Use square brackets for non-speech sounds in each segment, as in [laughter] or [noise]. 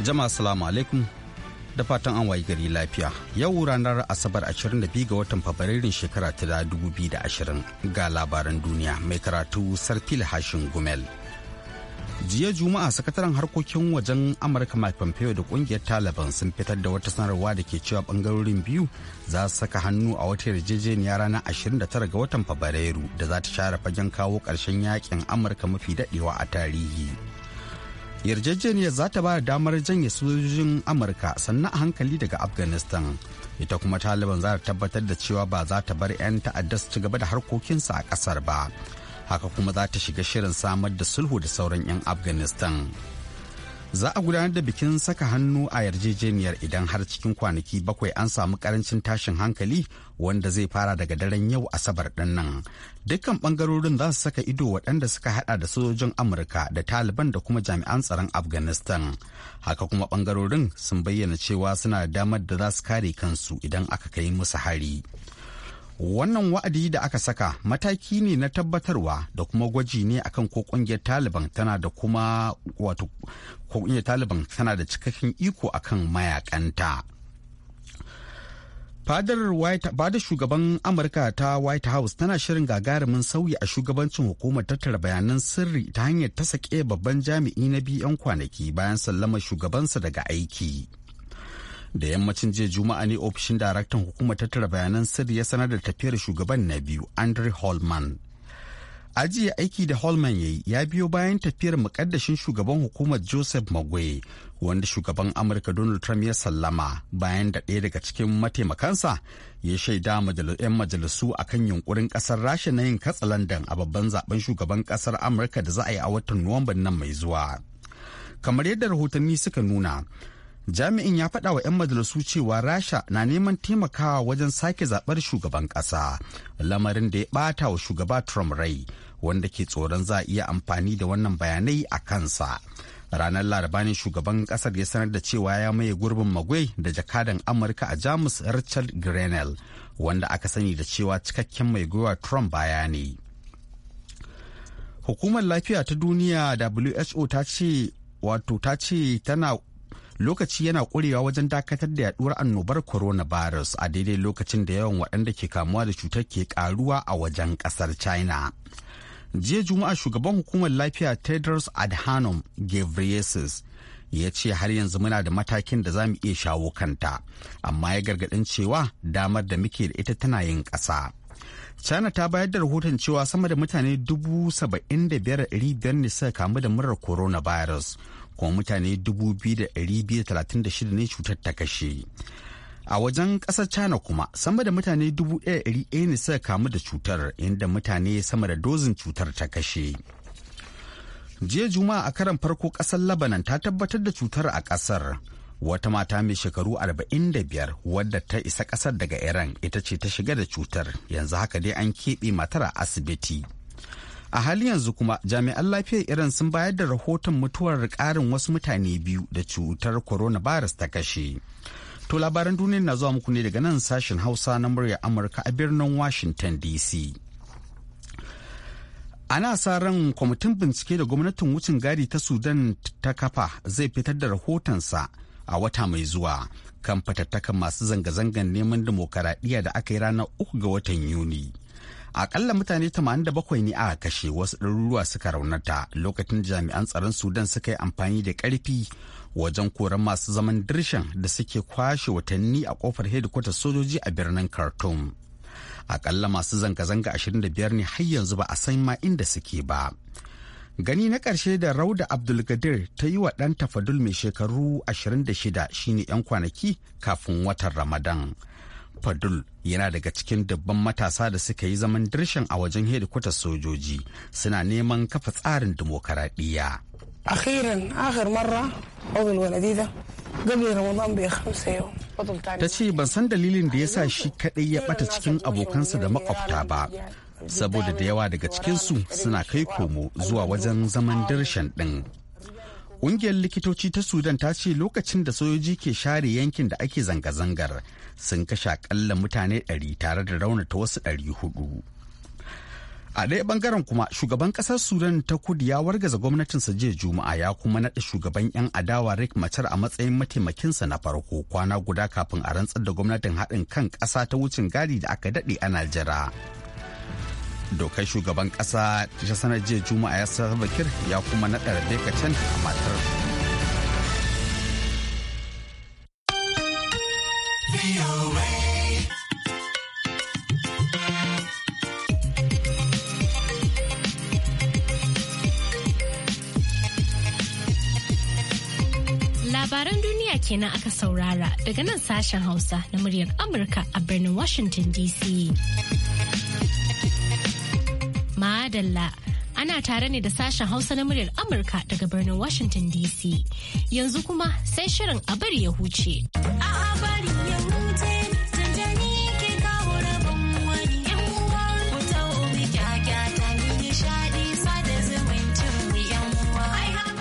Jama'a salamu alaikum da fatan an wayi gari lafiya. Yau ranar Asabar 22 ga watan Fabrairun shekara ta ashirin ga labaran duniya mai karatu Sarfil Hashin Gumel. Jiya Juma'a sakataren harkokin wajen Amurka Mike Pompeo da kungiyar Taliban sun fitar da wata sanarwa da ke cewa bangarorin biyu za su saka hannu a wata yarjejeniya ranar 29 ga watan Fabrairu da za ta share fagen kawo ƙarshen yakin Amurka mafi daɗewa a tarihi. yarjejeniyar za ta ba da damar janye sojojin amurka sannan a hankali daga afghanistan ita kuma taliban za ta tabbatar da cewa ba za ta bar 'yan ta'adda su ci gaba da harkokinsu a kasar ba haka kuma za ta shiga shirin samar da sulhu da sauran 'yan afghanistan za a gudanar da bikin saka hannu a yarjejeniyar idan har cikin kwanaki bakwai an samu karancin tashin hankali wanda zai fara daga daren yau asabar din nan dukkan bangarorin za su saka ido waɗanda suka hada da sojojin amurka da taliban da kuma jami'an tsaron afghanistan haka kuma bangarorin sun bayyana cewa suna da damar da za su kare kansu idan aka kai musu hari wannan wa'adi da aka saka mataki ne na tabbatarwa da kuma gwaji ne akan ko kungiyar taliban tana da kuma wato ko kungiyar taliban tana da cikakken iko akan mayakanta fadar shugaban amurka ta white house tana shirin gagarumin sauyi a shugabancin hukumar tattara bayanan sirri ta hanyar ta sake babban jami'i na biyan kwanaki bayan sallamar shugabansa daga aiki da yammacin jiya juma'a ne ofishin daraktan hukumar tattara bayanan sirri ya sanar da tafiyar shugaban na biyu andre holman ajiye aiki da holman ya yi ya biyo bayan tafiyar mukaddashin shugaban hukumar joseph magwe wanda shugaban amurka donald trump ya sallama bayan da ɗaya daga cikin mataimakansa ya shaida yan majalisu a kan yunkurin ƙasar rasha na yin Landan a babban zaben shugaban ƙasar amurka da za a yi a watan nuwamban nan mai zuwa kamar yadda rahotanni suka nuna jami'in ya faɗa wa 'yan majalisu cewa rasha na neman taimakawa wajen sake zaɓar shugaban ƙasa lamarin da ya ɓata wa shugaba trump rai wanda ke tsoron za a iya amfani da wannan bayanai a kansa ranar laraba ne shugaban kasar ya sanar da cewa ya maye gurbin magwai da jakadan amurka a jamus richard grenell wanda aka sani da cewa cikakken mai gwiwa trump baya ne hukumar lafiya ta duniya who ta ce wato ta ce tana lokaci yana ƙurewa wajen dakatar da yaduwar annobar coronavirus a daidai lokacin da yawan waɗanda ke kamuwa da cutar ke ƙaruwa a wajen ƙasar china jiya juma'a shugaban hukumar lafiya tedros adhanom ghebreyesus ya ce har yanzu muna da matakin da za mu iya shawo kanta amma ya gargaɗin cewa damar da muke da ita tana yin ƙasa china ta bayar da rahoton cewa sama da mutane 75,500 ne suka kamu da murar coronavirus kuma mutane 2,236 ne cutar ta kashe. A wajen ƙasar China kuma sama da mutane 1,100 ne suka kamu da cutar inda mutane sama da dozin cutar ta kashe. Jiya Juma'a a karan farko ƙasar Labanan ta tabbatar da cutar a ƙasar. Wata mata mai shekaru 45 wadda ta isa ƙasar daga Iran ita ce ta shiga da cutar yanzu haka dai an keɓe matar a asibiti. a halin yanzu kuma jami'an lafiyar iran sun bayar da rahoton mutuwar karin wasu mutane biyu da cutar coronavirus ta kashe to labaran duniya na zuwa muku ne daga nan sashen hausa na murya amurka a birnin washington dc ana sa ran kwamitin bincike da gwamnatin wucin gadi ta sudan ta kafa zai fitar da rahotonsa a wata mai zuwa kan fatattakan masu zanga-zangar neman dimokuraɗiyya da aka yi ranar uku ga watan yuni akalla mutane 87 ne aka kashe wasu ɗaruruwa suka raunata lokacin jami'an tsaron sudan suka yi amfani da ƙarfi wajen koran masu zaman dirshan da suke kwashe watanni a kofar hedikwatar sojoji a birnin khartoum akalla masu zanga-zanga 25 ne har yanzu ba a san ma inda suke ba gani na ƙarshe da rauda abdulgadir ta yi wa ɗan tafadul mai shekaru 26 shine 'yan kwanaki kafin watan ramadan Fadul yana daga cikin dubban matasa da suka yi zaman dirshin a wajen hedikwatar sojoji suna neman kafa tsarin dimokuraɗiyya. akhiran akhir marra waladida gabi ramadan bai khamsa yau ta ce ban san dalilin da ya sa shi kaɗai ya ɓata cikin abokansa da makwabta ba saboda da yawa daga cikinsu suna kai komo zuwa wajen zaman dirshan ɗin Ƙungiyar likitoci ta Sudan ta ce lokacin da sojoji ke share yankin da ake zanga-zangar sun kashe akalla mutane 100 tare da raunata wasu hudu. A ɗaya ɓangaren kuma shugaban ƙasar Sudan ta kudu ya wargaza gwamnatin sa jiya Juma'a ya kuma naɗa shugaban 'yan adawa Rick Machar a matsayin mataimakinsa na farko kwana guda kafin a rantsar da gwamnatin haɗin kan ƙasa ta wucin gadi da aka daɗe a najeriya Dokar shugaban ƙasa ta sanar jiya Juma'a ya sa ya kuma naɗa Rebecca Chan a matar Labaran duniya kenan aka saurara daga nan sashen Hausa na muryar Amurka a birnin Washington DC. Madalla ana tare ne da sashen Hausa na muryar Amurka daga birnin Washington DC. Yanzu kuma sai shirin a bari ya huce. A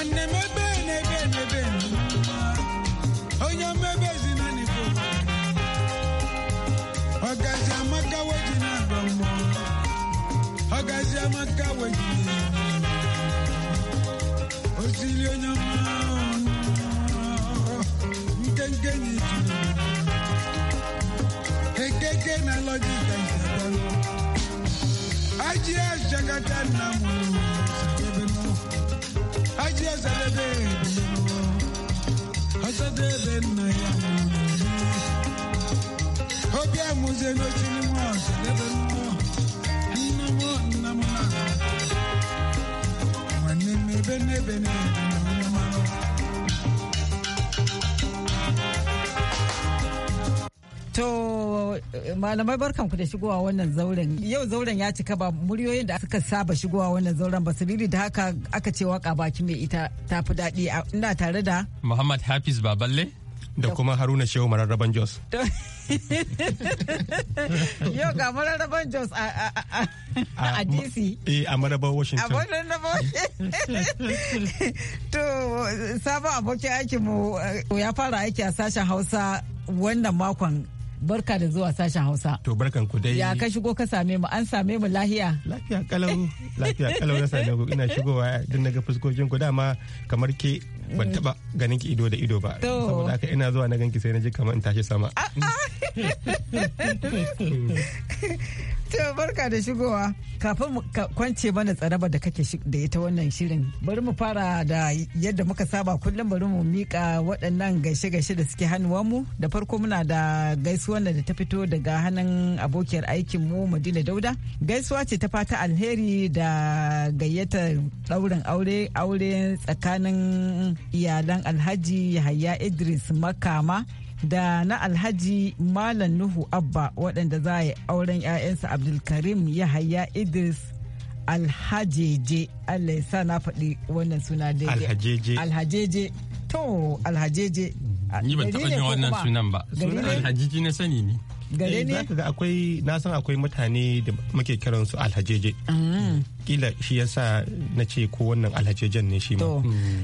nwanne m ebe na-ebe n'ebe onye na ezinanifo ọgazi amaka weji na-agba mbọ ọgazi amaka weji osiri onye mma nkenke na iji ekeke na lọjika ajị ajagata nna m hajiya sadade hasadebe na ya obi amuze n'osiri nwa sadebe nnọ nnamo nnamo nwanne m ebe n'ebe n'ebe To malamai barkan ku da shigowa wannan zauren. Yau zauren ya cika ba muryoyin da suka saba shigowa wannan zauren ba sabili da haka aka ce waka baki mai ita ta fi daɗi ina tare da. Muhammad Hafiz Baballe. Da kuma Haruna Shehu Mararraban Jos. [laughs] Yau ga Mararraban Jos a DC. Eh a Mararraban Washington. A Mararraban [laughs] To sabon abokin aikinmu eh, ya fara aiki a sashen Hausa wannan makon barka da zuwa sashen hausa to barkan ku dai ya ka shigo ka same mu an same mu lahiya lafiya kalau lafiya kalau na same ku ina shigowa din naga fuskokin ku dama kamar ke ban mm. taba ganin ki ido da ido ba saboda haka ina zuwa na ganki sai na ji kamar in tashi sama ah, ah. [laughs] Mm. To barka da shigowa. Kafin kwance mana tsaraba da kake da ita wannan shirin. Bari mu fara da yadda muka saba kullum bari mu mika waɗannan gaishe-gaishe da suke mu Da farko muna da gaisuwar da ta fito daga hannun abokiyar aikin mu Madina Dauda. Gaisuwa ce ta fata alheri da gayyatar ɗaurin aure aure tsakanin iyalan Alhaji Yahaya Idris Makama da na alhaji malam nuhu abba waɗanda za a yi auren 'ya'yansa abdulkarim yahaya idris alhajeje allah ya sa na faɗi wannan suna daidai alhajeje alhajeje to alhajeje mm-hmm. ni ban taɓa yin wannan sunan ba sunan alhajeje na sani ne gare eh, ne akwai na san akwai mutane da muke kiransu alhajeje mm. kila shi yasa na ce ko wannan alhajejen ne shi ma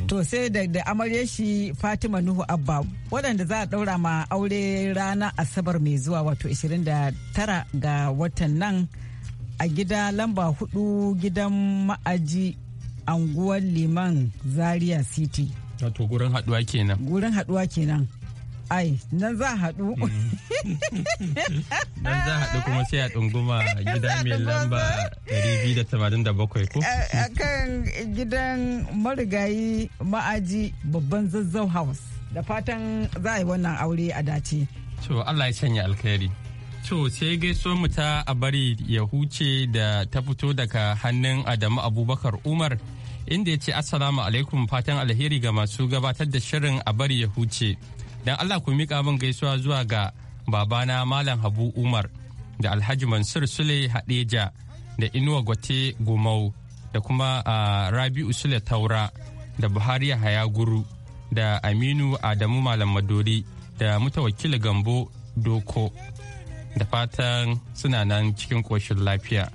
to hmm. sai da amarya shi fatima nuhu abba waɗanda za a ɗaura ma aure rana asabar mai zuwa wato 29 ga watan nan a gida lamba hudu gidan ma'aji anguwar liman zaria city wato gurin haduwa kenan gurin haduwa kenan ai nan za haɗu mm. nan za haɗu kuma sai a ɗunguma [laughs] gida mai lamba 287 ko a kan gidan marigayi ma'aji babban zazzau house da fatan za a yi wannan aure a dace to allah ya sanya alkhairi to sai gaiso mu ta a bari ya huce da ta fito daga hannun adamu abubakar umar inda ya ce assalamu alaikum fatan alheri ga masu gabatar da shirin a bari ya huce don Allah ku miƙa min gaisuwa zuwa ga babana Malam Habu Umar da Alhaji Mansur Sule Hadeja da Inuwa Gwate gumau da kuma Rabi'u Sule Taura da Buhari Hayaguru da Aminu Adamu Malam Madori da mutawakili Gambo Doko da fatan suna nan cikin koshin lafiya.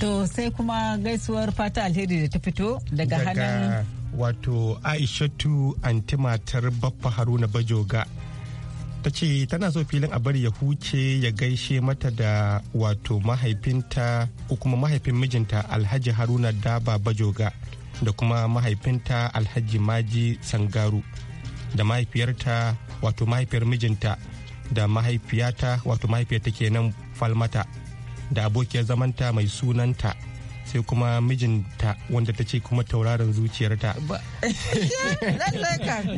To sai kuma gaisuwar fata alheri da ta fito daga hannun wato aishatu Antimatar matar baffa haruna bajoga ta ce tana so filin a bari ya huce ya gaishe mata da wato mahaifinta ko kuma mahaifin mijinta alhaji haruna daba bajoga da kuma mahaifinta alhaji maji sangaru da mahaifiyarta wato mahaifiyar mijinta da mahaifiyata wato mahaifiyar ta kenan falmata da abokiyar zamanta mai sunanta sai kuma mijinta wanda ta ce kuma tauraron zuciyarta [laughs] [laughs]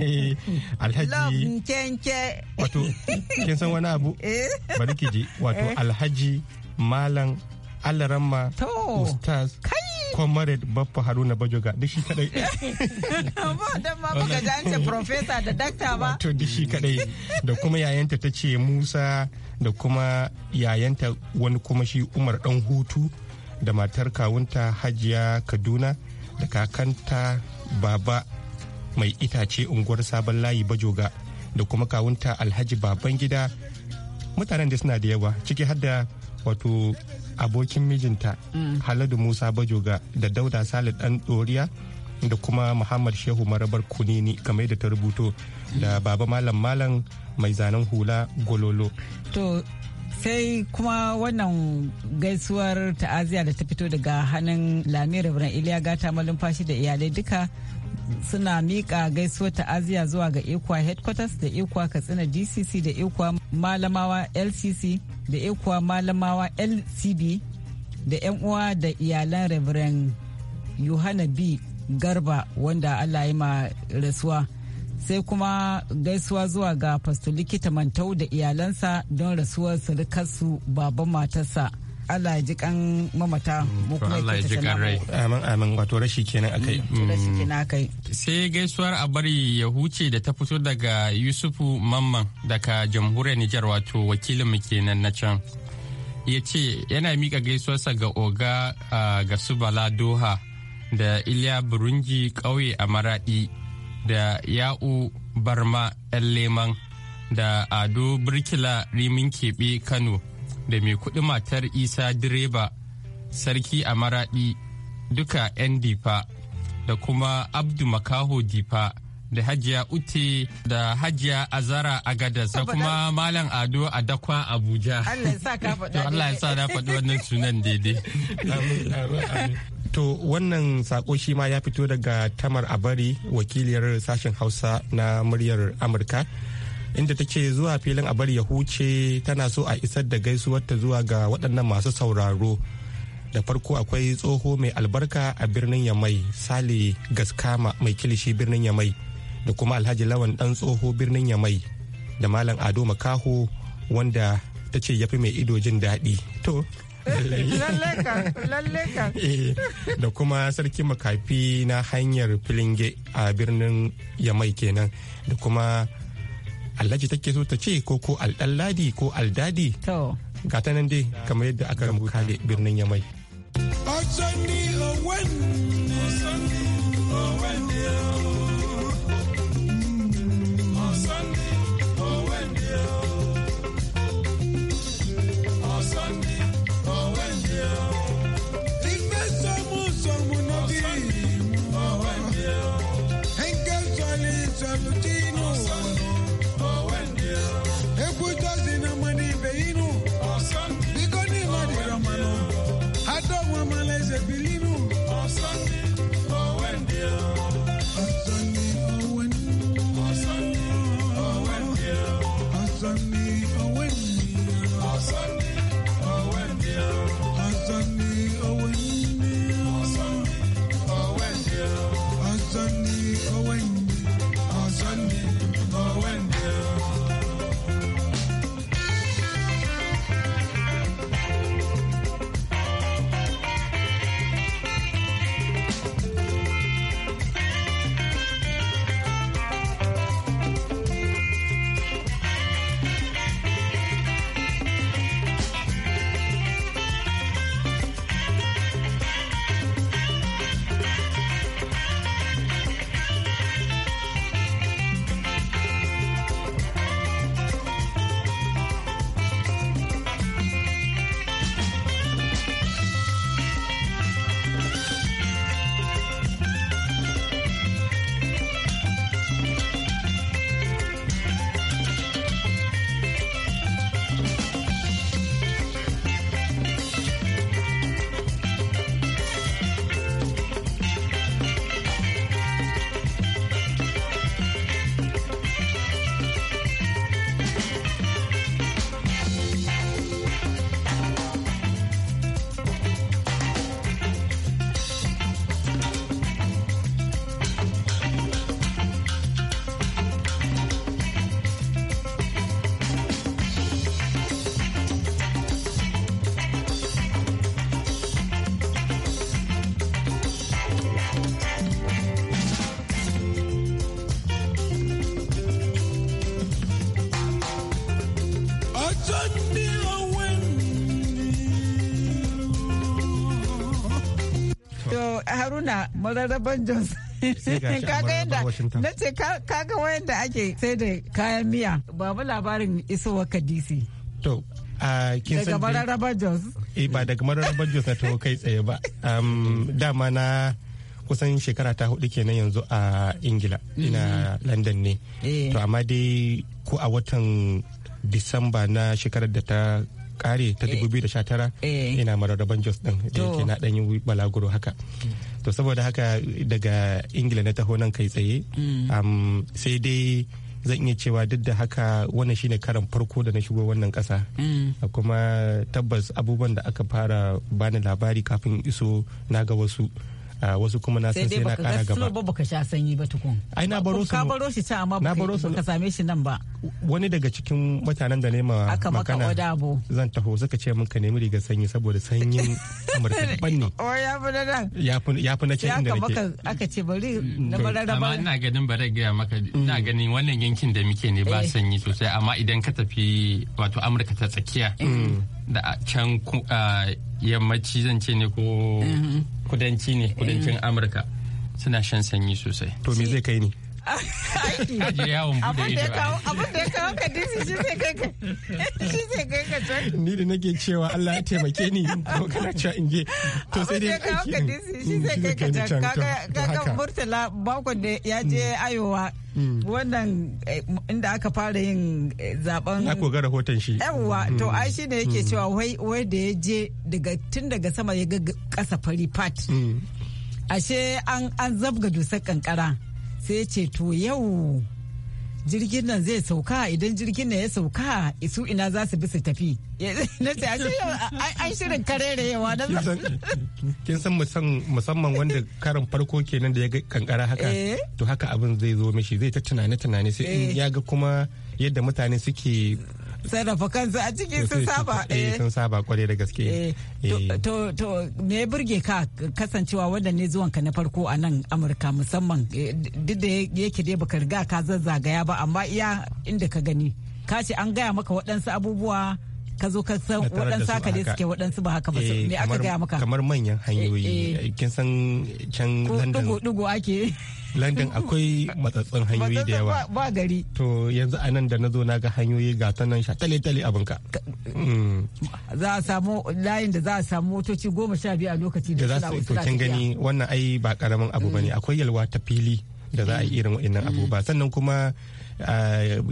eh, alhaji wato kin san wani abu [laughs] eh. bari ki ji wato eh. alhaji malam alarama ustaz comrade baffa haruna bajoga duk shi kadai ba dan ma baka ga an ce professor da doctor ba to da shi kadai da kuma yayanta ta ce musa da kuma yayanta wani kuma shi umar dan hutu da matar kawunta hajiya kaduna da kakanta baba mai itace unguwar sabon layi bajoga da kuma kawunta alhaji baban gida mutanen da suna da yawa ciki har da wato abokin mijinta mm. haladu musa bajoga da dauda salih dan doriya da kuma muhammad shehu marabar kunini kamar da ta rubuto da baba malam malam mai zanen hula gololo sai kuma wannan gaisuwar ta'aziyya da ta fito daga hannun lami rabin iliya gata fashi da iyalai duka suna miƙa gaisuwar ta'aziya zuwa ga ikwa headquarters da ikwa katsina dcc da ikwa malamawa lcc da ikwa malamawa lcb da 'yan uwa da iyalan reverend yohana b garba wanda allah ya ma rasuwa sai kuma gaisuwa zuwa ga fasto likita mantau da iyalansa don rasuwar surukarsu baban matarsa Allah ya ji kan mamata mu mm, kuma Allah ya ji kan rai amin amin wato rashi kenan mm, mm. akai sai gaisuwar a bari ya huce da ta fito daga Yusufu Mamman daga jamhuriyar Nijar wato wakilin mu kenan na can ya ce yana mika gaisuwarsa ga oga ah, ga subala doha da Iliya Burunji kauye a Maraɗi da ya'u barma yan leman da ado birkila rimin keɓe kano da mai kuɗi matar isa direba sarki a maraɗi duka 'yan difa da kuma abdu makaho difa da hajiya ute da hajiya azara agadas da kuma malam ado a dakwa abuja allah ya sa [laughs] na faɗi wannan sunan daidai [laughs] To wannan sako shi ma ya fito daga Tamar Abari wakiliyar sashen Hausa na muryar Amurka. Inda ta ce zuwa filin abari ya huce tana so a isar da gaisuwarta zuwa ga waɗannan masu sauraro. Da farko akwai tsoho mai albarka a birnin Yamai, Sale Gaskama mai kilishi birnin Yamai, da kuma Alhaji Lawan ɗan tsoho birnin Yamai, da Malam Ado Makaho wanda ta ce ya fi mai ido jin daɗi. To, [laughs] Eh, da kuma sarki makafi na hanyar filinge a birnin yamai kenan da kuma alhaji take so ta ce ko ko aldaladi ko aldadi ta nan dai kamar yadda aka rubuta da birnin yamai Owen, mararraban jos kaga na ce kaga da ake sai da kayan miya babu labarin isowa kadisi to daga mararraban jos eh, ba daga mararraban jos na taho kai tsaye ba dama na kusan shekara ta hudu kenan yanzu a ingila mm. ina london ne eh. to amma dai ko a watan disamba na shekarar da ta kare ta 2019 eh. ina mararraban jos din da yake na ɗanyi balaguro haka mm. to saboda haka daga ingila na taho nan kai tsaye mm. sai dai zan iya cewa duk da haka wannan shine karan farko da na shigo wannan kasa mm. kuma tabbas abubuwan da aka fara bani labari kafin iso na ga wasu Ah, wasu kuma na san sai na kara gaba sai dai baka sha sanyi ba tukun ai na baro su ka baro shi ta amma ka same shi nan ba wani daga cikin mutanen da ne ma magana zan taho suka ce min ka nemi riga sanyi saboda sanyin amurka ban ne [laughs] oh, ya fi na nan ya fi na ce inda nake aka ce bari na bararraba amma ina ganin bare gaya maka ina mm. ganin wannan yankin da muke ne ba eh. sanyi sosai amma idan ka tafi wato amurka ta tsakiya mm. da can ah, yammaci zan ce ne ko mm-hmm. kudanci ne kudancin eh. amurka suna shan sanyi sosai to me zai kai ni abin ya kawo ka shi zai kai ka can ni da nake cewa Allah ya taimake ni ko kana cewa in je to sai dai kawo ka disi shi mm, zai kai ka can kaga murtala bakon da ya je mm. ayowa mm. wannan eh, inda aka fara yin eh, zaben na koga rahoton shi yawwa to ai shi ne yake cewa wai da ya je daga tun daga sama ya ga kasa fari pat ashe an zabga dusar kankara sai ya ce to yau jirgin nan zai sauka idan jirgin nan ya sauka su ina za su bi su tafi [laughs] na an shirin da na kin san musamman wanda karin farko kenan da ya ga kankara haka eh. to haka abin zai zo mishi zai ta tunane tunane sai in eh. ya ga kuma yadda mutane suke sarrafa kansu a ciki sun saba eh, eh sun saba kwarai da gaske eh, eh. to to me ya burge ka kasancewa wanda ne zuwan ka na farko a nan Amurka musamman duk da yake dai baka riga ka zazzagaya ba amma iya inda ka gani ka ce an gaya maka waɗansu abubuwa ka zo ka san waɗansu haka ne suke waɗansu ba haka ba su eh, me aka gaya maka kamar manyan eh, hanyoyi eh. kin san can London ko dugo ake London akwai matsatsin [laughs] hanyoyi da yawa ba gari to yanzu a nan da na zo na ga hanyoyi ga ta nan sha tale tale abin ka mm. za a samu layin da za a samu motoci goma sha biyu a lokaci da za su to kin gani wannan ai ba karamin abu bane mm. akwai yalwa ta fili da za a yi mm. irin waɗannan abubuwa sannan kuma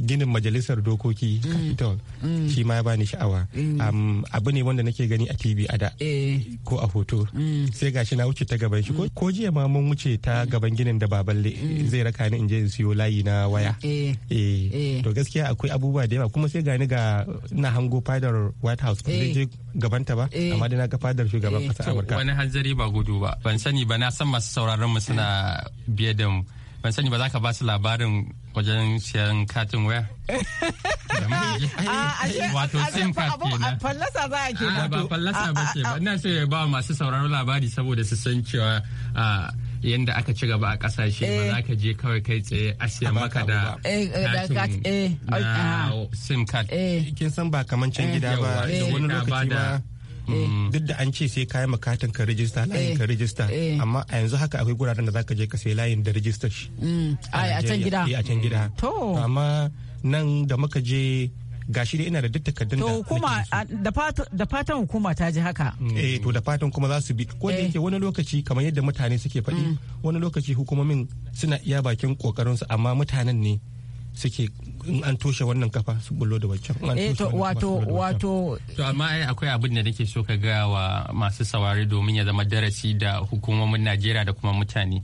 ginin majalisar dokoki mm. capitol mm. shi ma ya bani sha'awa mm. abu ne wanda nake gani a tv a da eh. ko a hoto sai gashi na wuce ta gaban shi ko jiya ma mun wuce ta gaban ginin da baballe zai raka ni in je in siyo layi na waya eh. Eh. to gaskiya akwai abubuwa da yawa kuma sai gani ga na hango fadar white house ba zai je gabanta ba amma da na ga fadar shugaban kasar amurka wani hanzari ba gudu ba ban sani ba na san masu sauraron mu suna biye da mu ban sani ba za ka ba su labarin wajen siyan katin waya [laughs] ah, wato sim card a fallasa za a ke ah, wato ba fallasa ah, ba ce ba ina so ya ba masu sauraron labari saboda su san cewa yadda aka ci gaba a kasashe ba eh. za ka je kawai kai tsaye a siya maka eh, eh, da katin na sim card kin san ba kamar can gida ba da wani lokaci ba Eh. duk da an ce sai ka yi makatin ka rijista layin eh. ka rijista eh. amma a yanzu haka akwai guraren da zaka je ka sai layin da rijista shi mm. a can gida a can gida amma nan da muka je gashi dai ina da duk takardun da hukuma da fatan hukuma ta ji haka mm. eh to da fatan kuma za su bi ko da yake wani lokaci kamar yadda mutane suke faɗi mm. wani lokaci hukumomin suna iya bakin kokarin su amma mutanen ne suke in an toshe wannan kafa su bullo da waccan eh, wato wato to amma akwai abin da nake so ka gaya wa masu saurari domin ya zama darasi da hukumomin Najeriya da kuma mutane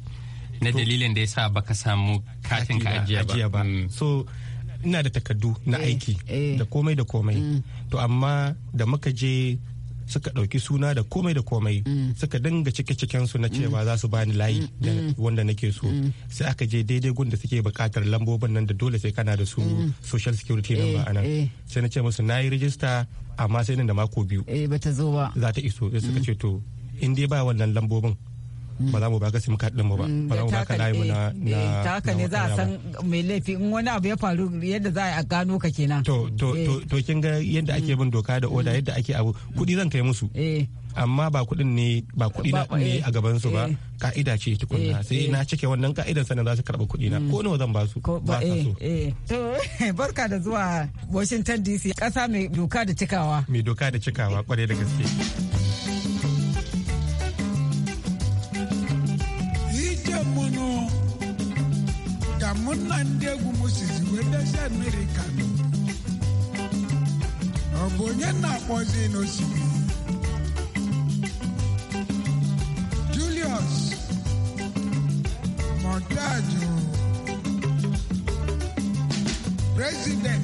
na dalilin da yasa baka samu katin ka ajiya ba mm. so ina da takardu na eh, aiki eh. da komai da komai mm. to amma da muka je suka ɗauki suna da komai da komai suka dinga cike ciken su na cewa za su bani layi da wanda nake so sai aka je daidai gun da suke bukatar lambobin nan da dole sai kana da su social security eh, number nan eh. sai na ce musu na yi rijista amma sai nan da mako biyu eh, bata zo za ta iso sai suka ce to in dai ba wannan lambobin ba za mu baka sim card din mu ba mm, ba za mu baka layi mu na ta eh, eh, haka ne za a san mai laifi in wani abu ya faru yadda za a gano ka kenan to to to eh. kin ga yadda ake mm. bin doka da oda mm. yadda ake abu kuɗi zan kai musu amma ba kudin ne ba kuɗi na ne a gaban su ba ka'ida ce tukunna sai na cike wannan ka'idan sanin za su karɓi kuɗi na ko nawa zan ba su ba ka so to barka da zuwa Washington DC ƙasa mai doka da cikawa mai doka da cikawa kwarai da gaske na ndị egwu wee Amerịka ọ bụ onye na-akpọzi n'osimiri Julius Mọdajụ prezident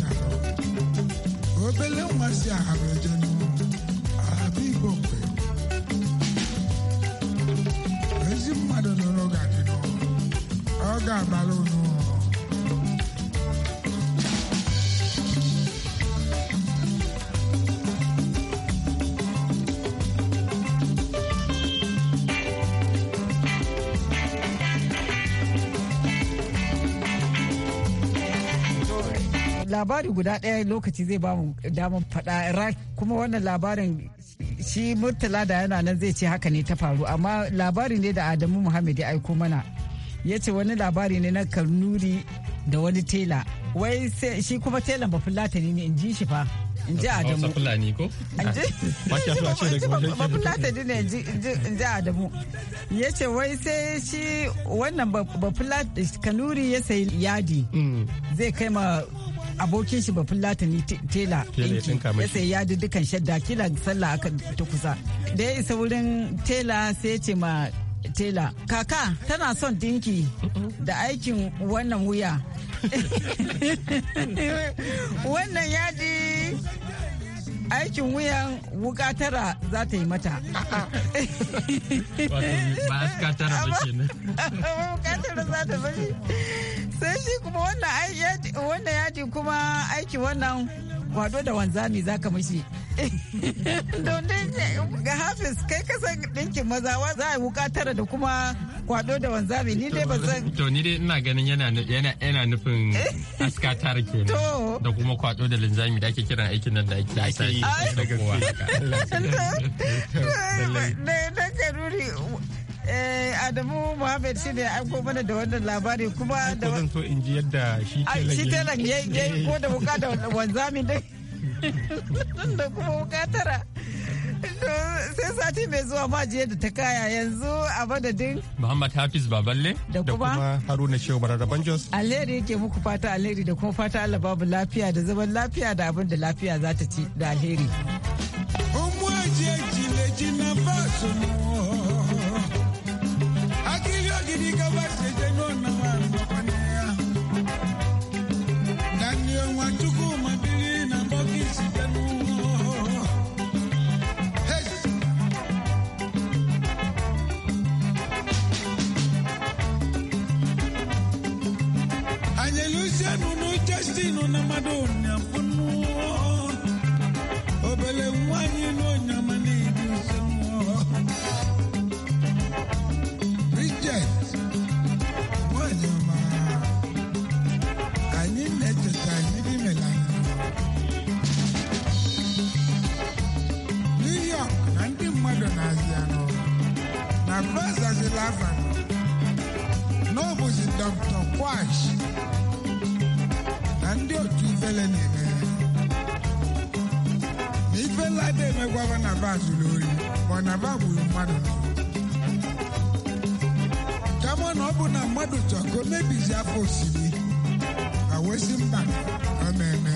I nwa si aghara labari guda ɗaya lokaci zai mu damar faɗa kuma wannan labarin shi murtala da yana nan zai ce haka ne ta faru amma labari ne da adamu muhammad ya aiko mana ya ce wani labari ne na karnuri da wani tela wai shi kuma telan ba fulata ne in ji shi fa in ji adamu [laughs] ba ne in ji adamu ya ce wai sai shi wannan ba fulata kanuri ya sayi yadi mm. zai kai ma abokin shi bafin ni tela ɗinki ya sai ya ji dukan shadda kila sallah aka ta kusa da ya isa wurin tela sai ce ma tela kaka tana son dinki da aikin wannan wuya [laughs] wannan yadi aikin wuyan wuka tara za ta yi mata. Ba aska tara ba kenan. [laughs] Wuka tara za ta bashi. Sai shi kuma wannan yaji kuma aiki wannan kwado da wanzami za ka mashi [laughs] Don ga hafiz kai kasan ɗinkin mazawa za a wuka tara da kuma kwado da wanzami ni dai ba zan to ni dai ina ganin yana nufin [laughs] aska tara kenan da kuma kwado da linzami da ake kiran aikin nan da ake da ake yi da kowa [laughs] Eh, Adamu Muhammad shi ne aiko mana da wannan labari kuma da wannan so in ji yadda shi telan shi telan ya yi ko da buka da wanzami dai [laughs] da kuma wuka tara sai sati mai zuwa ma jiya da ta kaya yanzu a madadin Muhammad Hafiz Baballe da kuma Haruna Shehu Barara Jos alheri yake muku fata alheri da kuma fata Allah babu lafiya da zaman lafiya da abin da lafiya za ta ci da alheri. Umwaje kile kina basu mu jenu nu chestinu na mmadụ nyapụ obele nwanyị n'onyama n'ibi nsenwụọ Bridget anyị na-echeta anyị dị mela New York na ndị mmadụ na-azị anọ na Fez Azila Dr. Kwash ifele na-eme na ifelada emekwa banaba zuru ori ma gburu mmadụ kama na ọ bụ na mmadụ chọọ ka o mebizi afọ osiri awesi mba ọ na-eme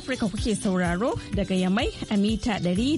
Afirka kuke sauraro daga Yamai a mita ɗari.